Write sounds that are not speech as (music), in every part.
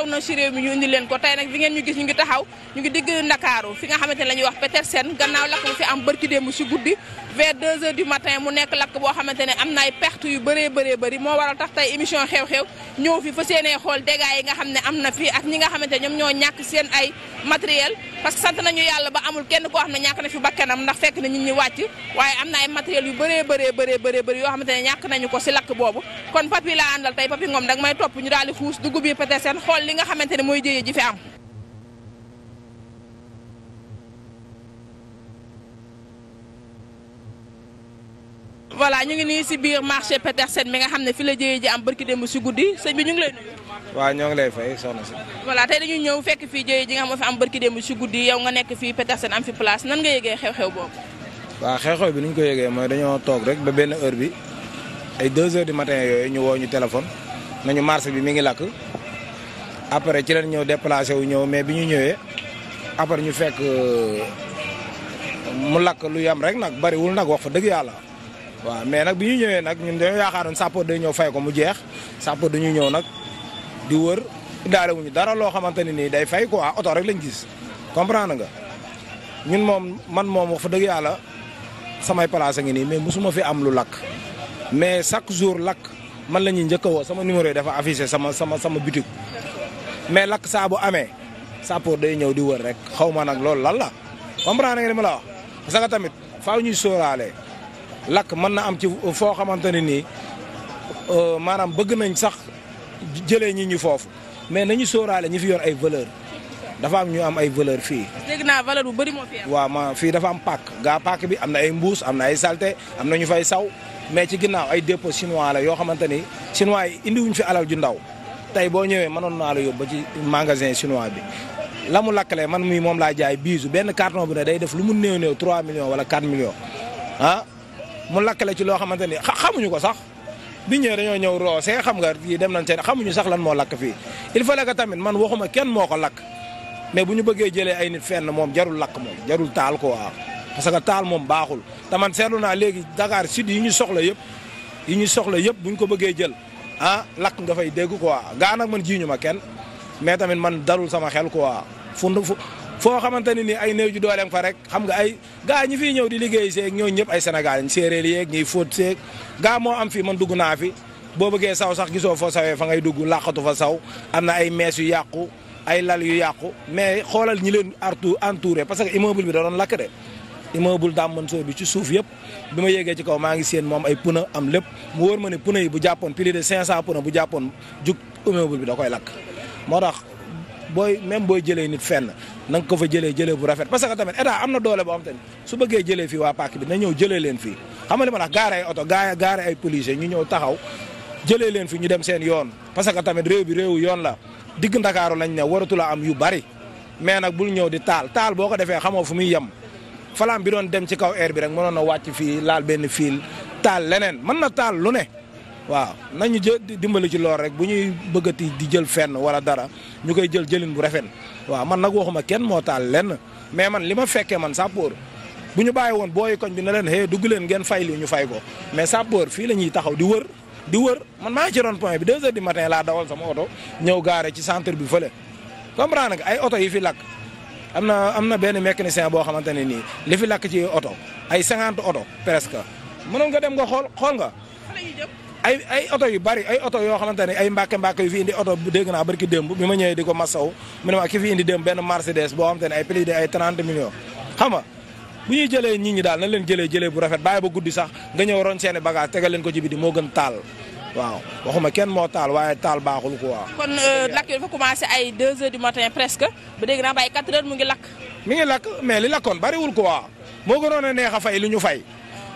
xew na ci réew mi ñu leen ko tey nag fi ngeen ñu gis ñu ngi taxaw ñu ngi digg Ndakaaru fi nga xamante ne la wax Petersen gannaaw lakk bu fi am bërki démb ci guddi vers 2 heures du matin mu nekk lakk boo xamante ne am na ay perte yu bëree bëree bëri moo waral tax tey émission xew-xew ñëw fi fa yéenee xool dégâts yi nga xam ne am na fi ak ñi nga xamante ne ñoom ñoo ñàkk seen ay matériel parce que sant nañu yàlla ba amul kenn koo xam ne ñàkk na fi bakkanam ndax fekk na nit ñi wàcc waaye am na ay matériels yu bëree bëree bëree bëree bëri yoo xamante ne ñàkk nañu ko si lakk boobu kon papi laa àndal tey papi ngoom dag may topp ñu daal di xuus dugub yi peut-être seen xool li nga xamante ne mooy jëye ji fi am voilà ñu ngi nii si biir marché Petersen mi nga xam ne fi la jëyee ji am barki démb si guddi sëñ bi ñu ngi lay nuyu. waaw ñoo ngi lay fay soxna si. voilà tey dañuy ñëw fekk fii jëyee ji nga xam ne fi am barki démb si guddi yow nga nekk fi Petersen am fi place nan nga yëgee xew-xew boobu. waaw xew-xew bi ni ñu ko yëgee mooy dañoo toog rek ba benn heure bi ay 2 heures du matin yooyu ñu woo ñu téléphone nañu marché bi mi ngi lakk après ci leen ñëw déplacé wu ñëw mais bi ñu ñëwee après ñu fekk euh, mu lakk lu yam rek nag bariwul nag wax fa dëgg yàlla waaw mais nag bi ñu ñëwee nag ñun dañoo yaakaaroon sapeur day ñëw fay ko mu jeex sapeur dañuy ñëw nag di wër daale dara loo xamante ne nii day fay quoi oto rek lañ gis comprendre nga ñun moom man moom wax fa dëgg yàlla samay place a ngi nii mais mosuma fi am lu lakk mais chaque jour lakk man la ñuy njëkk a woo sama numéro yi dafa affiché sama sama sama boutique mais lakk saa bu amee sapo day ñëw di wër rek xaw ma nag loolu lan la comprendre nga li ma la wax parce tamit faaw ñuy sóoraale lakk mën na am ci foo xamante ne nii euh, maanaam bëgg nañ sax jëlee ñi ñu foofu mais nañu sóoraale ñi fi yor ay valeur dafa am ñu am ay valeur fii. dégg valeur bu bëri moo fi am. ma fii dafa am pàkk gaa pàkk bi am na ay mbuus am na ay salte am na ñu fay saw mais ci ginnaaw ay dépôt chinois la yoo xamante ni chinois yi indiwuñ fi alal ju ndaw tey boo ñëwee mënoon naa la yóbbu ba ci magasin chinois bi. la mu lakkalee man mii moom laa jaay biisu benn carton bu ne day def lu mu néew néew 3 millions wala 4 millions ah. mu lakkale ci loo xamante ni xamuñu ko sax bi ñëwee dañoo ñëw roose xam nga yi dem nañ seen xamuñu sax lan moo lakk fii il fallait que tamit man waxuma kenn moo ko lakk mais bu ñu bëggee jëlee ay nit fenn moom jarul lakk moom jarul taal ko waaw parce que taal moom baaxul te man seetlu naa léegi Dakar sud yi ñu soxla yëpp yi ñu soxla yëpp bu ñu ko bëggee jël ah lakk nga fay dégg quoi gaa nag man jiiñu ma kenn mais tamit man darul sama xel quoi fu foo xamante ne ni ay néew ji dooleem fa rek xam nga ay gaa ñi fiy ñëw di liggéey seeg ñooñu ñëpp ay Sénégal séeréer yeeg ñuy fóot seeg gaa moo am fii man dugg naa fi boo bëggee saw sax gisoo foo sawee fa ngay dugg làqatu fa saw am na ay mees yu yàqu ay lal yu yàqu mais xoolal ñi leen artu entouré parce que immeuble bi da doon lakk de immeuble Dame Mansour bi ci suuf yëpp bi ma yéegee ci kaw maa ngi seen moom ay pneu am lépp mu wóor ma ne pneu yi bu jàppoon plus de 500 pneu bu jàppoon jug immeuble bi da koy lakk booy même booy jëlee nit fenn na nga ko fa jëlee jëlee bu rafet parce que tamit am na doole boo xam te ne su bëggee jëlee fii waa pàkk bi na ñëw jëlee leen fii xam nga li ma la oto gaare gaare ay policier ñu ñëw taxaw jëlee leen fi ñu dem seen yoon parce que tamit réew bi réewu yoon la digg ndakaaru lañ ne waratu la am yu bari mais nag bul ñëw di taal taal boo ko defee xamoo fu muy yem falaam bi doon dem ci kaw air bi rek mënoon na wàcc fii laal benn fiil taal leneen mën na taal lu ne waaw nañu jë dimbali ci lool rek bu ñuy bëggati di jël fenn wala dara ñu koy jël jëlin bu rafet waaw man nag waxuma kenn moo taal lenn mais man li ma fekkee man sapeur bu ñu bàyyi woon booyi koñ bi ne leen xëy dugg leen ngeen fay li ñu fay ko mais sapeur fii la ñuy taxaw di wër di wër man maa ngi ci rond point bi deux di du matin laa dawal sama oto ñëw gaare ci centre bi fële comprendre nga ay oto yi fi lakk am na am na benn mécanicien boo xamante ne nii li fi lakk ci oto ay cinquante oto presque mënoon nga dem nga xool xool nga ay ay oto yu bari ay oto yoo xamante ne ay mbàkke mbàkke yu oto dégg naa barki démb bi ma ñëwee di ko masaw mu ne ma ki fi indi démb benn Mercedes boo ay prix de ay bu ñuy jëlee nit ñi daal na leen jëlee jëlee bu rafet bàyyi ba guddi sax nga ñëw ron seeni bagage tegal leen ko ci biti moo gën taal waaw waxuma kenn moo taal waaye taal baaxul quoi. kon euh, lakk yi dafa commencé ay 2 heures du matin presque ba dégg naa ba ay 4 mu ngi lakk. mi ngi lakk mais li lakkoon bariwul quoi moo gënoon a neex a fay lu ñu fay.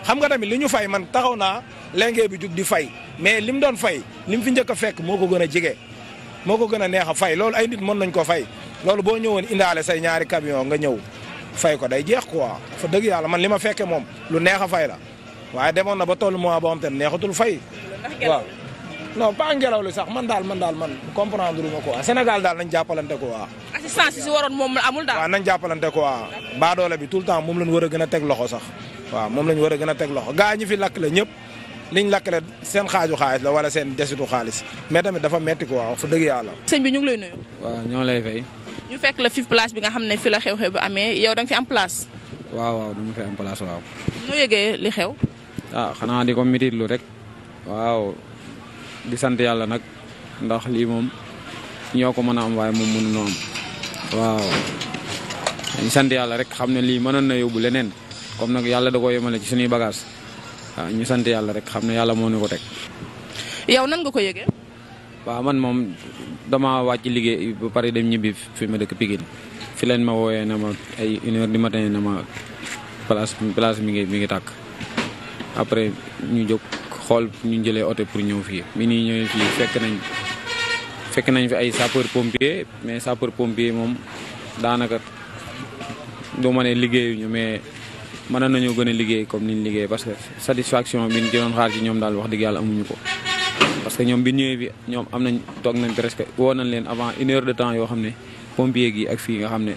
xam nga tamit li ñu fay man taxaw naa lenge bi jug di fay mais lim doon fay lim fi njëkk a fekk moo ko gën a jige moo ko gën a neex fay loolu ay nit mën nañ ko fay loolu boo ñëwoon indaale say ñaari camion nga ñëw fay ko day jeex quoi fa dëgg yàlla man li ma fekkee moom lu neex a fay la waaye demoon na ba tol mois boo xam te neexatul fay. waaw non pas ngelaw li sax man daal man daal man comprendre lu ma quoi daal nañ jàppalante quoi. assistance si waroon moom amul daal. waaw nañ jàppalante quoi. baadoole bi tout le temps moom lañ war a gën a teg loxo sax. waaw moom lañ war a gën a teg loxo gaa ñi fi lakk la ñëpp liñ lakk la seen xaaju xaalis la wala seen desitu xaalis mais tamit dafa metti ko waaw wax fa dëgg yàlla. sëñ bi ñu ngi lay nuyu. waaw ñoo lay fay. ñu fekk la fi place bi nga xam ne fi la xew-xew bi amee yow da nga fi am place. waaw waaw dama fi am place waaw. noo yëgee li xew. ah xanaa di ko mititlu rek. waaw di sant yàlla nag ndax lii moom ñoo ko mën a am waaye moom mënuñoo am. waaw dañ sant yàlla rek xam ne lii mënoon na yóbbu leneen. comme nag yàlla da ko yemale ci suñuy bagage waaw ñu sant yàlla rek xam ne yàlla moo ñu ko teg. yow nan nga ko yëgee. waaw man moom dama wàcc liggéey ba pare dem ñibbi fi ma dëkk Pikine fi leen ma wooyee na ma ay une heure du matin na ma place place mi ngi mi ngi tàkk après ñu jóg xool ñu jëlee oto pour ñëw fii mi nii ñëwee fii fekk nañ fekk nañ fi ay sapeur pompier mais sapeur pompier moom daanaka doo ma ne liggéeyuñu mais. mënoon nañoo gën a liggéey comme niñ liggéey parce que satisfaction bi ñu doon xaar ci ñoom daal wax dëgg amuñu ko parce que ñoom bi ñëwee bi ñoom am nañ toog nañ presque woo nañ leen avant une de temps yoo xam ne pompier gi ak fii nga xam ne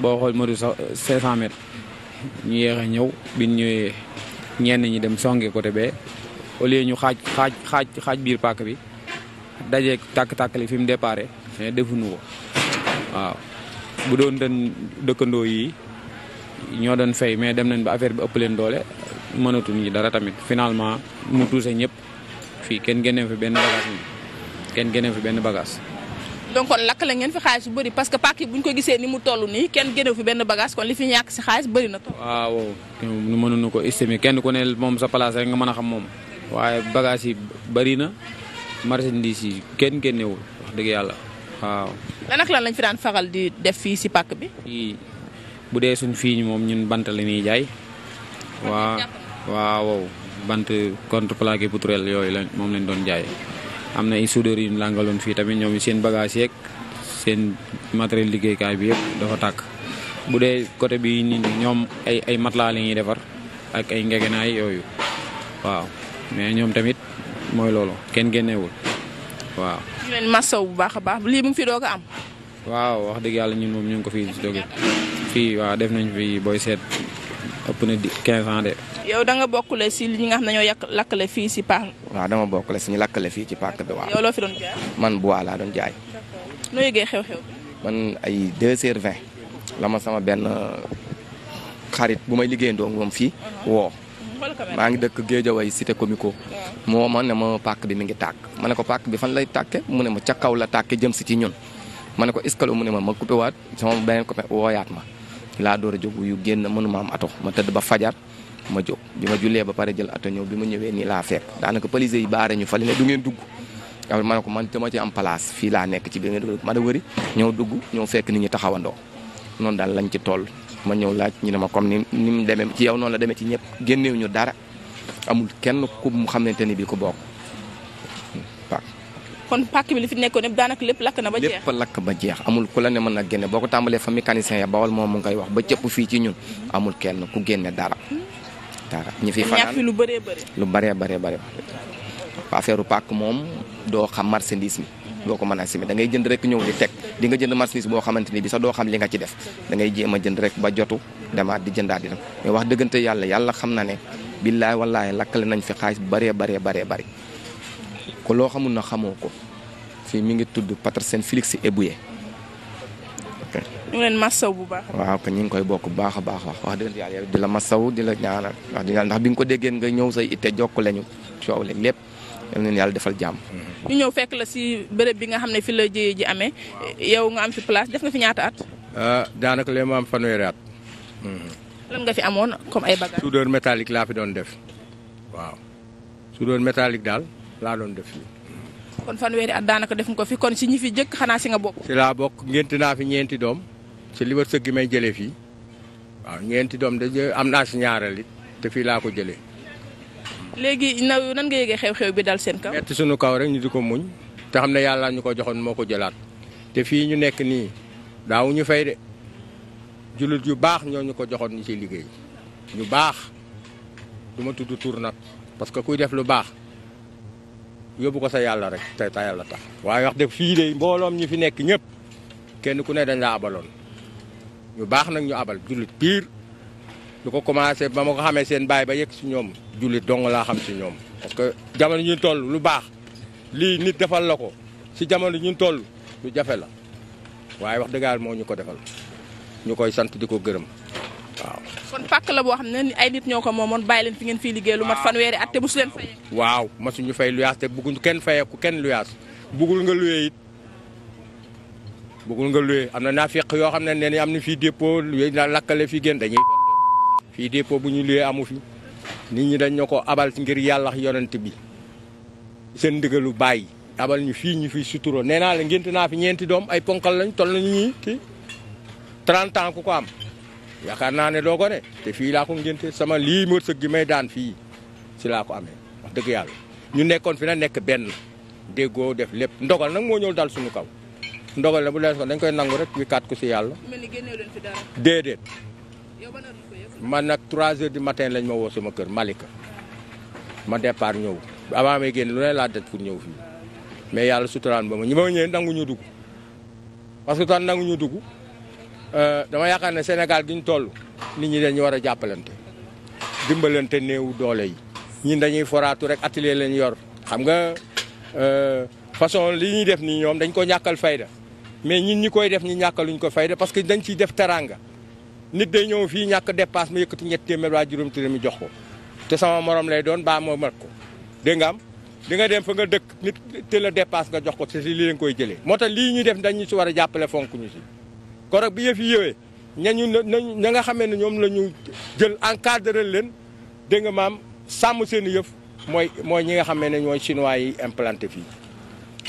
boo xool matu sax 500 mètres ñu yéex a ñëw bi ñu ñëwee ñenn ñi dem songe côté bee au lieu ñu xaaj xaaj xaaj xaaj biir pàkk bi dajeeg tàkk takk li fi mu déparé mais defuñu ko waaw bu doon den dëkkandoo yi ñoo doon fay mais dem nañ ba affaire bi ëpp leen doole mënatuñ dara tamit finalement mu tuuse ñëpp fii kenn génneem fi benn bagage kenn génneem fi benn bagage. donc kon lakk la ngeen fi xaalis bu bëri parce que pàcc bu ñu ko gisee ni mu toll nii kenn génnew fi benn bagage kon li fi ñàkk si xaalis bëri na. waaw nu mënuñu ko estimer kenn ko ne moom sa place rek nga mën a xam moom waaye bagage yi bëri na marchandise yi kenn génnewul wax dëgg yàlla waaw. lan ak lan lañ fi daan faral bu dee suñ fii ñu moom ñun bant la ñuy jaay waa waaw bant contreplaqué poutrelle yooyu lañ moom lañ doon jaay am na ay soudeur yu ñu làngaloon fii tamit ñoom seen bagage yeek seen matériel liggéeykaay bi yëpp dafa tàkk bu dee côté bi ñoom ay ay matelas la ñuy defar ak ay ngegenaay yooyu waaw mais ñoom tamit mooy loolu kenn génneewul waaw. ñu leen masaw bu baax a baax lii mu fi doog a am. waaw wax dëgg yàlla ñun moom ñu ngi ko fi doog fii waa def nañ fi booy seet ëpp na di 15 ans de. yow da nga bokkule si li nga xam nañoo ñoo yàq lakkale fii si paak. waaw dama bokkule si ñu lakkale fii ci paak bi waaw. yow loo fi doon jaay. man bu laa doon jaay. d'accord noo yëgee ay 2h20 sama benn xarit bu may liggéeyandoo moom fii uh-huh. mm-hmm. maa ngi dëkk Géejawaay cité comico moo ma ne ma pàkk bi mu ngi tàkk ma ne ko pàkk bi fan lay tàkke mu ne ma ca kaw la tàkke jëm si ci ñun ma ne ko iskalo mu ne ma ma coupé waat sama beneen copain wooyaat ma laa door a jóg yu génn mënuma am ato ma tëdd ba fajar ma jóg bi ma jullee ba pare jël ato ñëw bi ma ñëwee nii laa fekk daanaka policiers yi baare ñu fali ne du ngeen dugg après ma ko man dama ci am place fii laa nekk ci bi ma ne wëri ñëw dugg ñëw fekk nit ñi taxawandoo noonu daal lañ ci toll ma ñëw laaj ñu ne ma comme ni ni mu demee ci yow noonu la demee ci ñëpp génneewuñu dara amul kenn ku mu xamante ni bi ko bokk kon pàkk bi li fi nekkoon yëpp daanaka lépp lakk na ba jeex lépp lakk ba jeex amul ku la ne mën a génne boo ko tàmbalee fa mécanicien ya bawal moom mu ngay wax ba cëpp fii ci ñun amul kenn ku génne dara dara ñi fi fanaan lu bëree bëri lu bëree bëree bëri affaire pàkk moom doo xam marchandise mi doo ko mën a simi da ngay jënd rek ñëw di teg di nga jënd marchandise boo xamante ni bi sax doo xam li nga ci def da jéem a jënd rek ba jotu demaat di jëndaat di wax dëggante yàlla yàlla xam na ne billaay wallaay lakkale nañ fi xaalis bëree bëree bëree bëri ko loo xamul na xamoo ko fii mi ngi tudd Paterson Félix Eboué. ok ñu leen massaw bu baax. waaw ñu ngi koy bokk bu baax a baax wax dëgg yàlla di la massaw di la ñaanal wax di yàlla ndax bi nga ko déggeen nga ñëw say te jokk lañu coow leen lépp. yal yàlla defal jàmm. ñu ñëw fekk la si bërëb bi nga xam ne fi la jëyee ji amee yow nga am fi place def nga fi ñaata at. Ah, daanaka lee ma am fanweeri at. Mhm. lan nga fi amoon comme ay bagages. soudeur laa fi doon def waaw soudeur métallique daal. laa doon def fii. kon fanweeri at daanaka def nga ko fi kon si ñi fi jëkk xanaa si nga bokk. si laa bokk ngénte naa fi ñeenti doom si li war may jëlee fii waaw ñeenti doom de am naa si ñaareel it te fii laa ko jëlee. léegi na nan nga yëgee xew-xew bi dal seen kaw. metti suñu kaw rek ñu di ko muñ te xam ne yàlla ñu ko joxoon moo ko jëlaat te fii ñu nekk nii daaw ñu fay de jullit yu baax ñoo ñu ko joxoon ñu ciy liggéey ñu baax du tudd tur nag parce que kuy def lu baax. yóbbu ko sa yàlla rek te ta yàlla tax waaye wax dëgg fii de mbooloom ñi fi nekk ñëpp kenn ku ne dañ la abaloon ñu baax nag ñu abal julit piir du ko commencé ba mu ko xamee seen baay ba yegg si ñoom jullit dong laa xam si ñoom parce que jamono ñu toll lu baax lii nit defal la ko si jamono ñu toll lu jafe la waaye wax dëggaal moo ñu ko defal ñu koy sant di ko gërëm waaw pàkk la boo xam ne ni ay nit ñoo ko moomoon bàyyi leen fi ngeen fi liggéey lu mat fanweeri at te musu waaw fay. waaw masuñu fay luyaas te bëgguñu kenn fayeeku kenn luyaas bëggul nga luyee it bëggul nga luyee am na naa naafiq yoo xam ne nee am na fii dépôt luyee na lakkale fii génn dañuy fii dépôt bu ñu luyee amu fi nit ñi dañ ñoo ko abal ngir yàlla yonent bi seen ndigalu bàyyi abal ñu fii ñu fi suturoo nee naa la ngénte naa fi ñeenti doom ay ponkal lañu toll nañu ñii kii ku ko am. yaakaar naa ne doo ko ne te fii laa ko ngénte sama lii mërsëg gi may daan fii si laa ko amee wax dëgg yàlla ñu nekkoon fi na nekk benn déggoo def lépp ndogal nag moo ñëw dal suñu kaw ndogal la bu lees ko dañ koy nangu rek wi kaat ko si yàlla déedéet man nag trois heures du matin lañ ma woo sama kër Malika ma départ ñëw avant may génn lu ne laa def pour ñëw fii mais yàlla suturaan ba ma ñi ma ñëwee ñu dugg parce que tan nangu ñu dugg Euh, dama yaakaar ne Sénégal gi ñu toll nit ñi dañu war a jàppalante dimbalante néew doole yi ñun dañuy foraatu rek atelier leen yor xam nga euh, façon li ñuy def nii ñoom dañ ko ñàkkal fayda mais ñun ñu koy def ñi ñàkkaluñ ko fayda parce que dañ ciy def teranga nit day ñëw fii ñàkk dépasse ma yëkkati ñetti mel waa juróom téeméer mi jox ko te sama morom lay doon baa moo mat ko dégg nga am di nga dem fa nga dëkk nit te la nga jox ko te si lii lañ ko jëlee moo tax lii ñu def dañ ñu si war a jàppale fonk ñu si korog bi yëf yi yëwee ñañu nañ na nga xamee ne ñoom la ñu jël encadré leen dégg nga maam sàmm seen yëf mooy mooy ñi nga xamee ne ñooy chinois yi implanté fii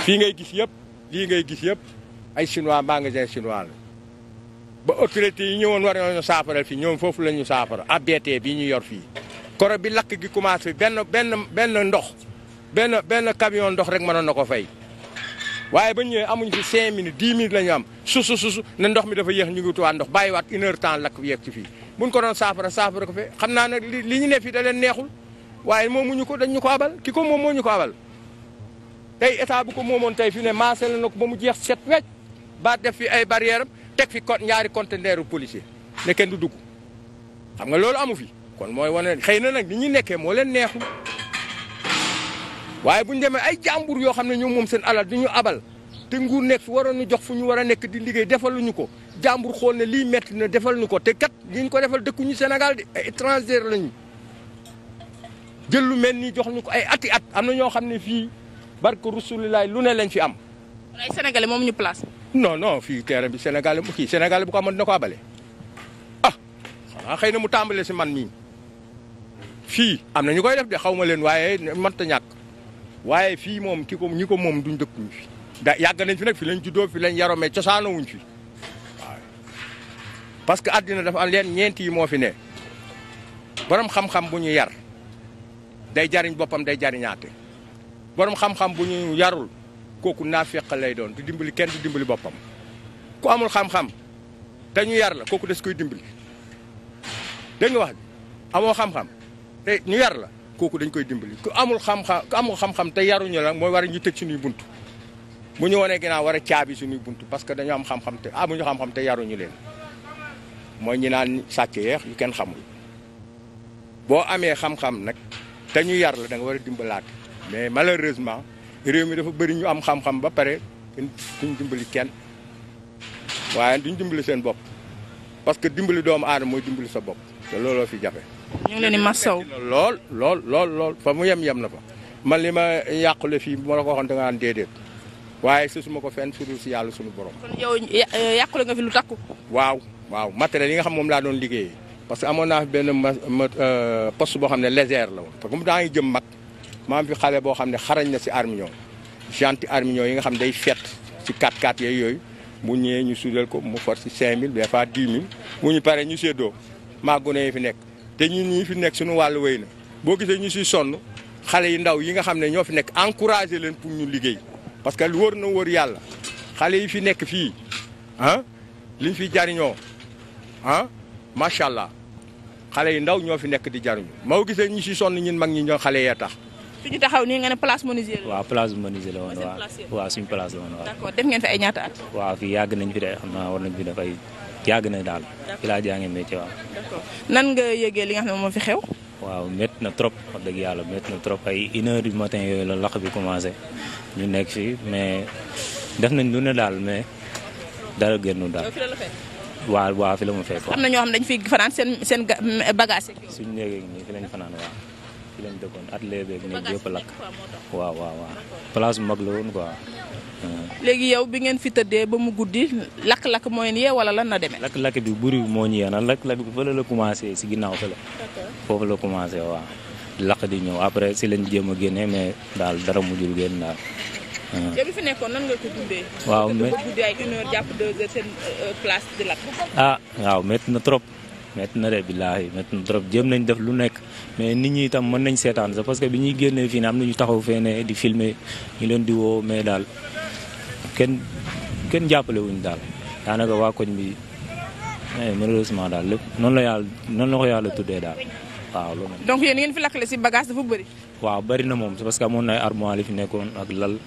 fii ngay gis yëpp lii ngay gis yëpp ay chinois magasin chinois la ba autorité yi ñëwoon war nañoo saafara fii ñoom foofu la ñu saafara ABT bi ñu yor fii koro bi lakk gi commencé benn benn benn ndox benn benn camion ndox rek mënoon na ko fay waaye ba ñëwee amuñu fi cinq minutes dix minutes la ñu am susu susu ne mi dafa yéex ñu ngi wutaat ndox bàyyiwaat une heure temps lakk yeeg ci fii buñ ko doon saafara saafara ko fe xam naa nag li ñu ne fii da neexul waaye moomuñu ko ñu ko abal ki ko moom moo ñu ko abal tey état bu ko moomoon fii ne maasé la na ko ba mu jeex set wecc ba def fi ay barrière teg fi kon ñaari conteneur policier ne kenn du dugg xam nga loolu amu fi kon mooy wane xëy na nag li ñu nekkee moo leen neexul waaye bu ñu demee ay jàmbur yoo xam ne ñoom moom seen alal du ñu abal te nguur nekk waroon ñu jox fu ñu war a nekk di liggéey defaluñu ko jàmbur xool ne lii métti na defal ñu ko te kat ñu ko defal dëkkuñu Sénégal di ay étranger lañu jël lu mel ni jox ñu ko ay ati at am na ñoo xam ne fii barke rasulilaay lu ne lañ fi am. ay moom ñu place. non non fii terrain bi sénégalais kii sénégalais bu ko amoon ko abale ah, xëy na mu tàmbalee si man mii fii am na ñu koy def de xaw ma leen waaye mënta ñàkk. waaye fii moom ki ko ñi ko moom duñ dëkkuñ fi da yàgg nañ fi nag fi lañ juddoo fi lañ yaroo mais cosaanawuñ fi parce que àddina dafa am leen ñeent yi moo fi ne borom xam-xam bu ñu yar day jariñ boppam day jariñaate borom xam-xam bu ñu yarul kooku naa feqal lay doon du dimbali kenn du dimbali boppam ku amul xam-xam te yar la kooku des koy dimbali dégg nga wax amoo xam-xam te ñu yar la kooku dañ koy dimbali ku amul xam-xam ku amul xam-xam mooy war a ñu tëj suñuy bunt bu ñu wanee ginnaaw war a caabi suñuy bunt parce que dañu am xam-xam te amuñu ah, xam-xam te yaruñu leen mooy ñu naan sàcc yeex yu kenn xamul boo amee xam-xam nag te ñu yar la da war a dimbalaat mais malheureusement réew mi dafa bëri ñu am xam-xam ba pare duñ dimbali kenn waaye duñ dimbali seen bopp parce que dimbali doomu aadama mooy dimbali sa bopp te looloo fi jafe ñu ngi leen di masaw lool lool lool lool fa mu yem yem na fa man li ma yàqule fii mu ma la ko waxoon da nga naan déedéet waaye su suma ko fenn sudul si yàlla suñu borom. kon yow yàqule nga fi lu takku. waaw waaw matériel yi nga xam moom laa doon liggéeyee parce que amoon naa fi benn ma euh, poste boo xam ne légère la woon. parce que daa ngi jëm mag maa am xale boo xam ne xarañ na si armignon gentil armignon yi nga xam day fett si 4x4 yeeg yooyu bu ñëwee ñu suudal ko mu for si 5000 des fois 10 000 bu ñu paree ñu séddoo maa gone yi fi nekk. te ñun ñi fi nekk suñu wàllu wéy na boo gisee ñu siy sonn xale yi ndaw yi nga xam ne ñoo fi nekk encouragé leen pour ñu liggéey parce que wóor na wóor yàlla xale yi fi nekk fii ah, li ñu fi jariñoo ah macha allah xale yi ndaw ñoo fi nekk di jariñu moo gisee ñu si sonn ñun mag ñi ñoo xale yee tax. fi ñu taxaw nii nga ne place menuisier la. waaw place menuisier la woon waaw waaw suñu la woon waaw. d'accord def ngeen fi ay ñaata at. waaw yàgg nañ fi de xam naa war nañ fi def ay. yàgg na daal. fi laa jàngee métier waaw. d'accord nan nga yëgee li nga xam ne moo fi xew. waaw métti na trop wax dëgg yàlla métti na trop ay une heure matin yooyu la lakk bi commencé ñu nekk fi mais def nañ lu ne daal mais dara génnu daal. waaw waa fi la ma fekk. am na ñoo xam dañ fi fanaan seen seen bagage suñ néeg lañ fanaan waaw fi lañ dëkkoon atelier beeg nii yëpp lakk. waaw waaw waaw place bu mag la woon quoi. léegi yow bi ngeen fi tëddee ba mu guddi lakk-lakk mooy yee wala lan la demee. lakk-lakk bi buriw moo ñu yee nag lakk-lakk bi fële la commencé si ginnaaw fële. foofu la commencé waaw. lakk di ñëw après si lañ jéem a génnee mais daal dara mujjul génn daal. yow bi waaw jàpp deux euh, ah, waaw métti na trop. mett na de billaahi mett na trop jéem nañ def lu nekk mais nit ñi itam mën nañ seetaan sax parce que bi ñuy génnee fii ne am na ñu taxaw fee ne di filmer ñu leen di woo mais daal kenn kenn jàppale wuñ daal daanaka waa koñ bi eh, malheureusement daal lépp noonu la yàlla noonu la ko yàlla tuddee daal waaw loolu donc yéen ngeen fi lakkale si bagage dafa bëri. waaw bëri na moom parce que amoon na ay armoire li fi nekkoon ak lal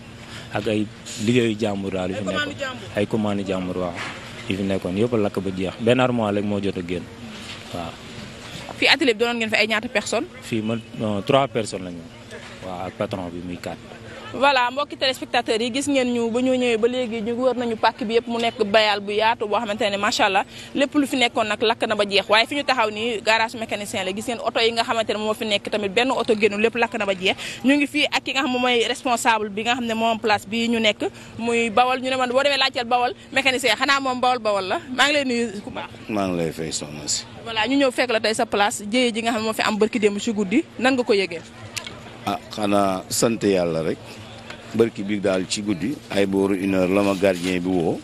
ak ay liggéeyu jàmbur daal li fi nekkoon ay commande jàmbur waaw li fi nekkoon yëpp lakk ba jeex benn armoire rek moo jot a génn waaw. fi atelier bi doonoon ngeen fi ay ñaata personnes. fii man trois personnes la ñu waaw voilà mbokki téléspectateurs yi gis ngeen ñu ba ñu ñëwee ba léegi ñu wër nañu pàkk bi yëpp mu nekk bayal bu yaatu boo xamante ne macha allah lépp lu fi nekkoon nag lakk na ba jeex waaye fi ñu taxaw nii garage mécanicien la gis oto yi nga xamante ne moo fi nekk tamit benn oto génnu lépp lakk na ba jeex ñu ngi fii ak ki nga xam ne mooy bi nga xam ne moom place bi ñu nekk muy bawal ñu ne man boo demee laajteel bawal mécanicien xanaa moom bawal bawal la maa ngi lay nuyu ku baax maa ngi lay fay soxna si ñu ñëw fekk la tey sa place jéyee ji nga xam ne moo fi am barki démb ci guddi nan nga ko yëgee ah xanaa sant yàlla rek bërki bi daal ci guddi ay booru une la ma gardien bi woo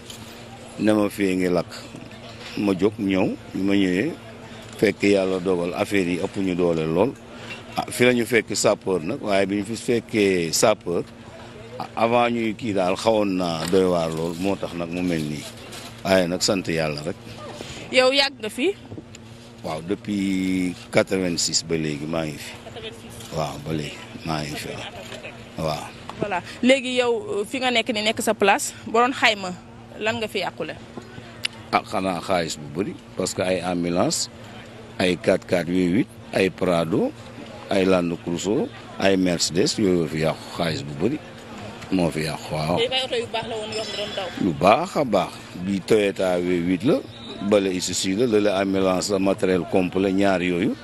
ne fee ngi lakk ma jóg ñëw ma ñëwee fekk yàlla dogal affaire yi ëpp ñu doole lool ah fi la ñu fekk sapeur nag waaye bi ñu fi fekkee sapeur ah, avant ñuy kii daal xawoon naa doy waar lool moo tax nag mu mel nii waaye nag sant yàlla rek. yow yàgg nga fi. waaw depuis 86 ba léegi maa ngi fi. waaw ba léegi maa ngi fi waaw. voilà léegi yow euh, fi nga nekk ni nekk sa place boo doon xayma lan nga fi yàqule. a ah, xanaa xaalis bu bëri parce que ay ambulance ay 4488 ay Prado ay Land Cruiser ay Mercedes yooyu fi yàqu xaalis bu bari moo fi yàqu waaw. tey ay yu baax la woon yoo xam a baax bii Toyota V8 la bala Isuzu la lële ambulance la matériel complet ñaar yooyu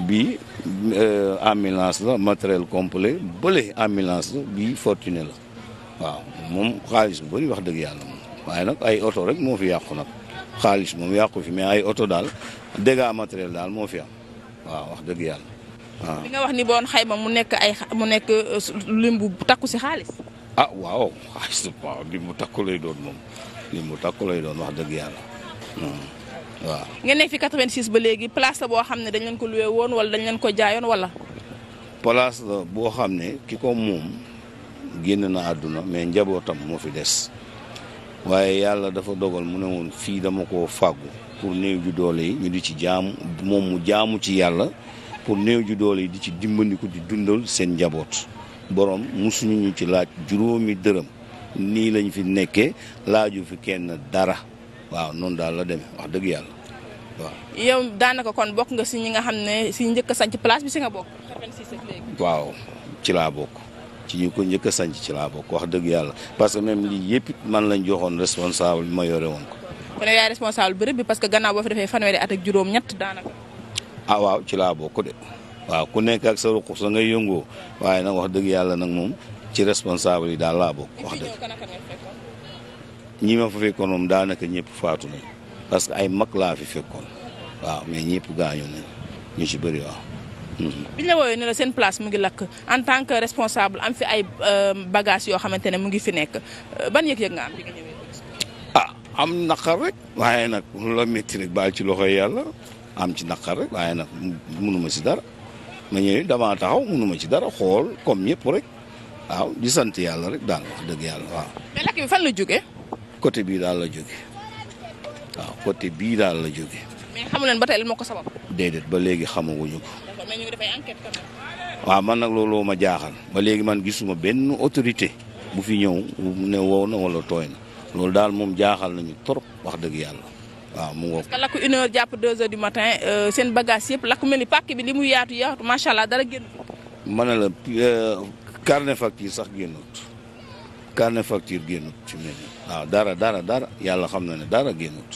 bii. Euh, ambulance la matériel complet bële ambulance la bii fortuné la waaw moom xaalis bu bëri wax dëgg yàlla moom waaye nag ay oto rek moo fi yàqu nag xaalis moom yàqu fi mais ay oto daal dégâts matériel daal moo fi am waaw wax dëgg yàlla waaw. li nga wax ni boon xayma mu nekk ay mu nekk euh, lim bu takku si xaalis. ah waaw (laughs) xaalis waaw lim bu takku lay doon moom lim bu takku lay doon wax dëgg yàlla. Hmm. waaw nga nekk fi 86 ba léegi place la boo xam ne dañ leen ko luwee woon wala dañ leen ko jaayoon wala. place la boo xam ne ki ko moom génn na àdduna mais njabootam moo fi des waaye yàlla dafa dogal mu ne woon fii dama ko fàggu pour néew ju doole yi di ci jaamu moom mu jaamu ci yàlla pour néew ju doole yi di ci dimbandiku di dundal seen njaboot. boroom mu suñu ñu ci laaj juróomi dërëm nii lañu fi nekkee laaju fi kenn dara. waaw noonu daal la demee wax dëgg yàlla waaw. yow daanaka kon bokk nga si ñi nga xam ne si njëkk a sanc place bi si nga bokk. waaw ci laa bokk ci ñu ko njëkk a sanc ci laa bokk wax dëgg yàlla parce que même lii yëpp man lañ joxoon responsable bi ma yore woon ko. kon yaay responsable bërëb bi parce que gannaaw boo fi fan fanweeri at ak juróom-ñett daanaka. ah waaw ci laa bokk de waaw ku nekk ak sa ruq sa ngay yëngoo waaye nag wax dëgg yàlla nag moom ci responsable yi daal laa bokk wax dëgg. ñi ma fa fekkoon moom daanaka ñëpp faatu nañ parce que ay mag laa fi fekkoon waaw mais ñëpp gaañu nañ ñu ci bëri waaw. biñ la wooyee ne la seen place mu ngi lakk en tant que responsable am fi ay euh, bagages yoo xamante ne mu ngi fi nekk euh, ban yëg-yëg nga am ah, am naqar rek. waaye nag la métti rek ci loxoy yàlla am ci naqar rek waaye nag mënuma ci dara ma ñëw damaa taxaw mënuma ci dara xool comme ñëpp rek waaw di sant yàlla rek daal wax dëgg yàlla waaw. côté bii daal la jóge waaw côté bii daal la jóge mais xamu leen ba tey moo ko sabab. déedéet ba léegi xamaguñu ko. mais waaw man nag looloo ma jaaxal ba léegi man gisuma benn autorité bu fi ñëw ne wow na wala tooy na loolu daal moom jaaxal nañu trop wax dëgg yàlla waaw mu ngoog. parce lakk une jàpp deux heures du matin euh, seen bagage yëpp lakk mel ni pàkk bi li muy yaatu yaatu macha allah dara génn. ma ne la euh, carnet facture sax génnut. carnet facture génnut ci mel waaw dara dara dara yàlla xam na ne dara génnut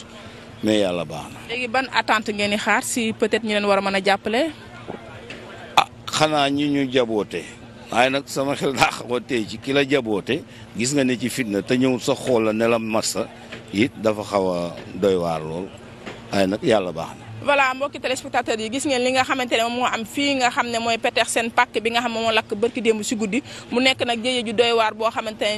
mais yàlla baax na. léegi ban attente ngeen di xaar si peut-être ñu leen war a mën a jàppale. ah xanaa ñi ñu jaboote waaye nag sama xel daa xaw a tey ci ki la jaboote gis nga ne ci fitna te ñëw sa xool la ne la massa it dafa xaw a doy waar lool waaye nag yàlla baax na. voilà mbokki téléspectateurs yi gis ngeen li nga xamante moom moo am fii nga xam ne mooy Petersen pàkk bi nga moo lakk bërki démb si guddi mu nekk nag jëye ju ne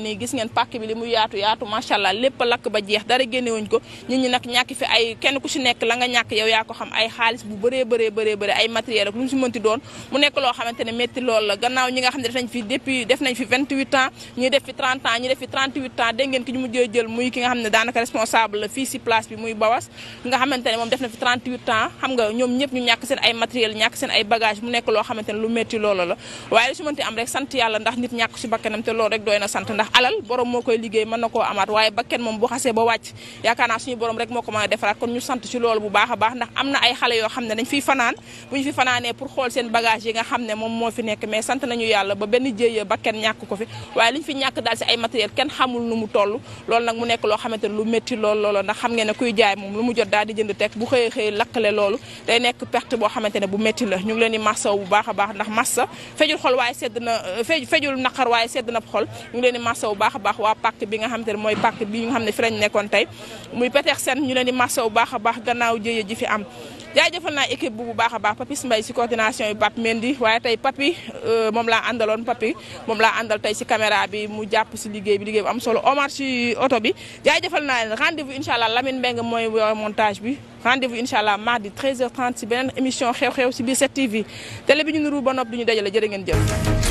nii gis ngeen pàkk bi li mu yaatu yaatu masàllaa lépp ba jeex dara génnewuñ ko nit nag ñàkk fi ay kenn ku nekk la nga ñàkk yow yaa ko xam ay xaalis bu bëree bëree bëree bëri ay matériel ak mu nekk loo xamante ne métti lool la gannaaw ñi nga ne def nañ fi depuis def nañ fi 28 ans ñuy def fi 30 ans ñuy def fi ne daanaka responsable la fii si place bi muy Bawas ne moom def na fi 38 ans temps xam nga ñoom ñëpp ñu ñàkk seen ay matériel ñàkk seen ay bagage mu nekk loo xamante ne lu metti loolu lool ndax xam ngeen kuy jaay moom lu mu jot daal di jënd teg bu xëyee xëy lakk le loolu day nekk perte boo xamante ne bu métti la ñu ngi leen di massaw bu baax a baax ndax massa fejul xol waaye sedd na euh, fejul naqar waaye sedd na xol ñu ngi leen di massaw bu baax a baax waa pàkk bi nga xamante ne mooy pàkk bi nga xam ne fi lañ nekkoon tey muy Petersen ñu leen di massaw bu baax a baax gannaaw jëye ji fi am jaajëfal naa équipe bu bu baax a baax Papis Mbaye si coordination yu Pape Mendy waaye tey Papi euh, moom laa àndaloon Papi moom laa àndal tey si caméra bi mu jàpp si liggéey bi liggéey bu am solo Omar si oto bi jaajëfal naa leen rendez-vous incha allah Lamine Mbengue mooy montage bi rendez-vous incha allah mardi 13h30 si beneen émission xew-xew si biir 7TV télé bi ñu nuru ba nopp du ñu dajale jërë ngeen jëf